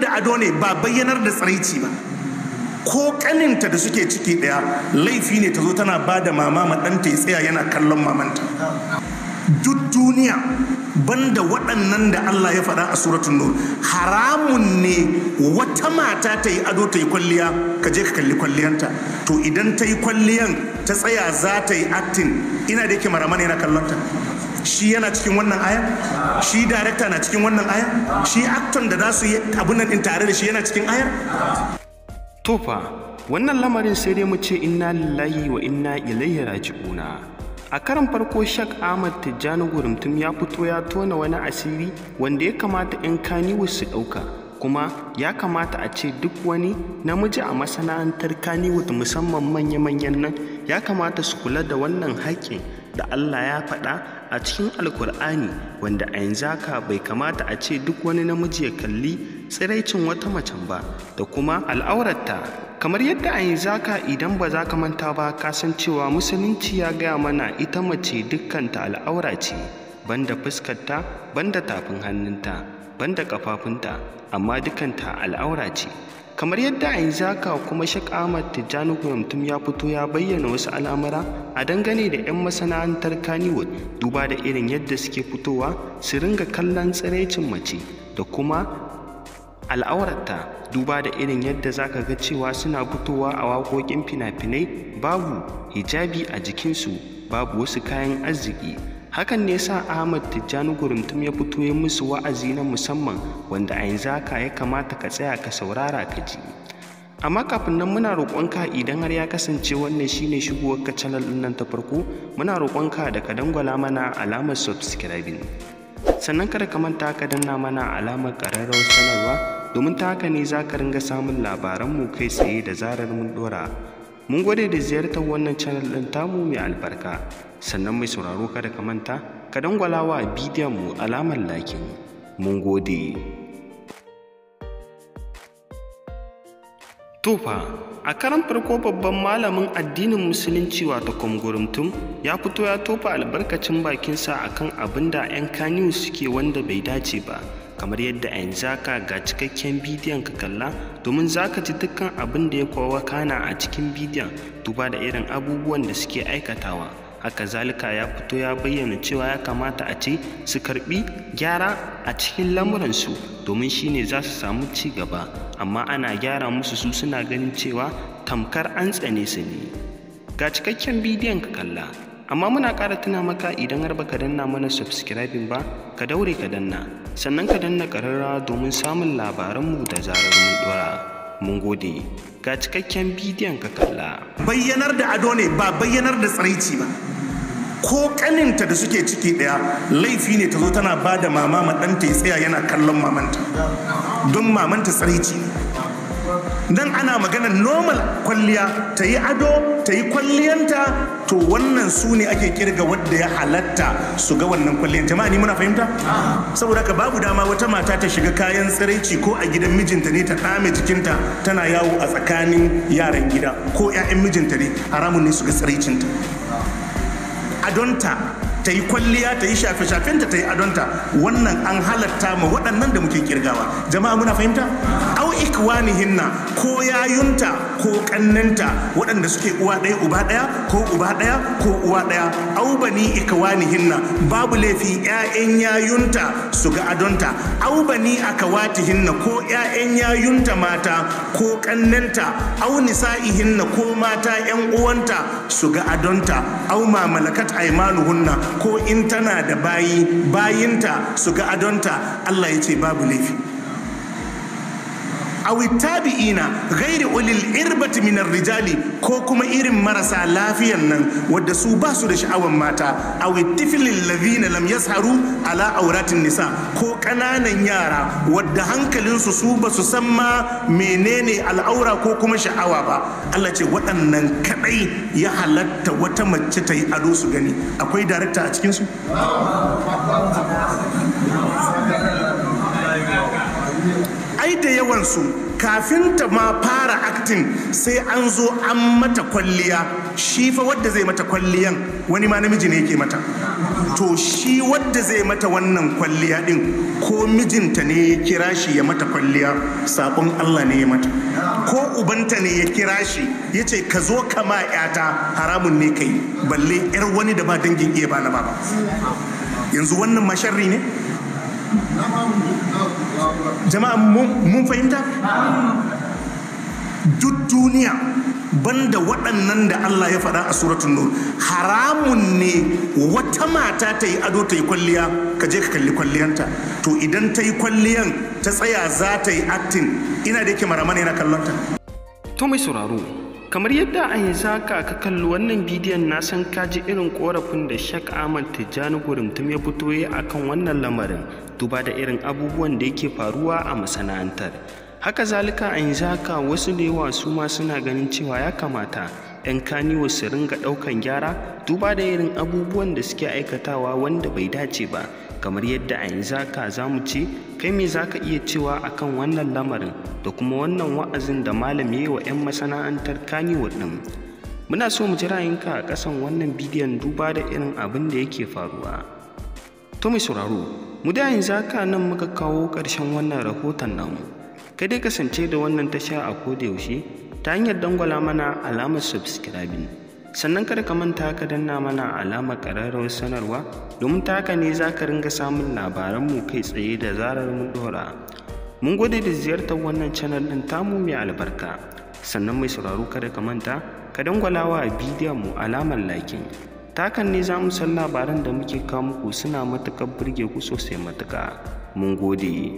da ado ne ba bayyanar da tsaraici ba ko kaninta da suke ciki daya laifi ne ta zo tana ba da mama ma ɗanta ya tsaya yana kallon mamanta duk duniya banda waɗannan da Allah ya faɗa a suratun nur haramun ne wata mata ta yi ado ta yi kwalliya ka je ka kalli kwalliyanta to idan ta yi kwalliyan ta tsaya za ta yi actin ina da yake maramana yana kallonta shi yana cikin wannan aya? shi darekta na cikin wannan aya? shi actor da za su yi abun nan tare da shi yana cikin aya? tofa wannan lamarin sai dai mu ce inna lillahi wa inna ilaihi raji'una a karan farko shak ahmad tijjani gurumtum ya fito ya tona wani asiri wanda ya kamata 'yan kaniwu su ɗauka kuma ya kamata a ce duk wani namiji a masana'antar kaniwood musamman manya-manyan nan ya kamata su kula da wannan haƙƙin da Allah ya faɗa a cikin alkur'ani wanda a yanzu haka bai kamata a ce duk wani namiji ya kalli tsiraicin wata macen ba da kuma al'aurarta kamar yadda a yanzu haka idan ba za ka manta ba ka san cewa musulunci ya gaya mana ita mace dukkanta al'aura ce banda fuskarta banda tafin hannunta banda kafafunta amma dukanta al'aura ce kamar yadda a yanzu haka kuma shakamar ahmad tijjani kuramtum ya fito ya bayyana wasu al'amura a dangane da 'yan masana'antar kaniwood duba da irin yadda suke fitowa su ringa kallon tsiraicin mace da kuma al'aurarta duba da irin yadda zaka ga cewa suna fitowa a waƙoƙin fina-finai babu hijabi a jikinsu babu wasu kayan arziki hakan ne sa ahmad tijjani gurumtum ya fito ya musu wa'azi na musamman wanda a yanzu haka ya kamata ka tsaya ka saurara ka ji amma kafin nan muna roƙonka idan har ya kasance wannan shine shigowar ka channel din nan ta farko muna roƙonka da ka dangwala mana alamar subscribing sannan kada ka manta ka danna mana alamar ƙararrawar sanarwa domin ta haka ne za ka ringa samun labaran mu kai tsaye da zarar mun ɗora mun gode da ziyartar wannan channel ɗin tamu mai albarka sannan mai sauraro kada ka manta ka dangwala wa bidiyon mu alamar lakin mun gode tufa a karan farko babban malamin addinin musulunci wato kwamgurumtum ya fito ya tofa albarkacin bakinsa akan abin da 'yan kaniyu suke wanda bai dace ba kamar yadda a yanzu ga cikakken bidiyon ka kalla domin za ka ji dukkan abin da ya kowa kana a cikin bidiyon duba da irin abubuwan da suke aikatawa haka zalika ya fito ya bayyana cewa ya kamata a ce su karbi gyara a cikin lamuransu domin shine za su samu ci gaba amma ana gyara musu su suna ganin cewa tamkar an tsane su ne ga cikakken bidiyon ka kalla amma muna ƙara tuna maka idan har baka danna mana subscribing ba ka daure ka danna sannan ka danna ƙararra domin samun labaranmu da zarar mun ɗora. Mun gode, ga cikakken bidiyon ka kalla. Bayyanar da ado ne ba bayyanar da tsiraici ba. Ko ƙaninta da suke ciki ɗaya laifi ne ta zo tana ba da mama ma ɗanta ya tsaya yana kallon mamanta. Don mamanta tsiraici ne. nan ana magana normal kwalliya ta yi ado ta yi kwalliyanta to wannan su ne ake kirga wadda ya halatta su ga wannan kwalliyanta ma ni muna fahimta saboda ka babu dama wata mata ta shiga kayan tsiraici ko a gidan mijinta ne ta dame jikinta tana yawo a tsakanin yaran gida ko 'ya'yan mijinta ne haramun ne su ga tsiraicinta adonta ta yi kwalliya ta yi shafe-shafenta ta yi adonta wannan an halatta ma waɗannan da muke kirgawa jama'a muna fahimta ikwanihinna ko yayunta ko kannanta waɗanda suke uwa ɗaya uba ɗaya ko uba ɗaya ko uwa ɗaya au bani ikawanihinna babu laifi ƴaƴan yayunta su ga adonta au bani akawatihinna ko ƴaƴan yayunta mata ko kannanta au nisa'ihinna ko mata ƴan uwanta su ga adonta au ma malakat aymanuhunna ko in tana da bayi bayinta su ga adonta Allah ya ce babu laifi awi ina gairi ulil irbati minar rijali ko kuma irin marasa lafiyan nan wadda su ba su da sha'awan mata awi tiflil ladhina lam yasharu ala auratin nisa ko kananan yara wadda hankalinsu su ba su san ma menene al'aura ko kuma sha'awa ba Allah ce waɗannan kaɗai ya halatta wata mace ta yi ado su gani akwai darakta a su ai da yawansu kafin ta ma fara aktin sai an zo an mata kwalliya shi fa wadda zai mata kwalliyan wani ma namiji ne yake mata to shi wadda zai mata wannan kwalliya din ko mijinta ne ya kira shi ya mata kwalliya sabon Allah ne ya mata ko ubanta ne ya kira shi ya ce ka zo ka ma yata haramun ne kai balle yar wani da ba dangin iya ba na ba yanzu wannan masharri ne jama'a mun fahimta duk duniya banda waɗannan da Allah ya faɗa a suratun nur haramun ne wata mata ta yi ado ta yi kwalliya ka je ka kalli kwalliyanta to idan ta yi kwalliyan ta tsaya za ta yi aktin ina da yake maramana yana kallonta to mai sauraro kamar yadda a yanzu ka kalli wannan bidiyon na san kaji irin korafin da shek Ahmad Tijjani Gurumtum ya fito yi akan wannan lamarin duba da irin abubuwan da yake faruwa a masana'antar haka zalika a yanzu haka wasu da yawa su ma suna ganin cewa ya kamata 'yan kaniwa su ringa ɗaukan gyara duba da irin abubuwan da suke aikatawa wanda bai dace ba kamar yadda a yanzu haka za mu ce kai me za ka iya cewa akan wannan lamarin da kuma wannan wa'azin da malam ya yi wa 'yan masana'antar kaniwa ɗin muna so mu jira yinka a ƙasan wannan bidiyon duba da irin abin da yake faruwa to mai sauraro mu da yanzu ka nan muka kawo ƙarshen wannan rahoton namu kai dai kasance da wannan tasha a yaushe ta hanyar dangwala mana alamar subscribing sannan kada ka manta ka danna mana alamar ƙararrawar sanarwa domin ta haka ne za ka ringa samun labaranmu kai tsaye da zarar mun ɗora mun gode da ziyartar wannan canal ɗin tamu mai albarka sannan mai sauraro kada ka manta ka dangwala wa bidiyon mu alamar lakin takan ne za mu san labaran da muke kawo muku suna matuƙar burge ku sosai matuƙa mun gode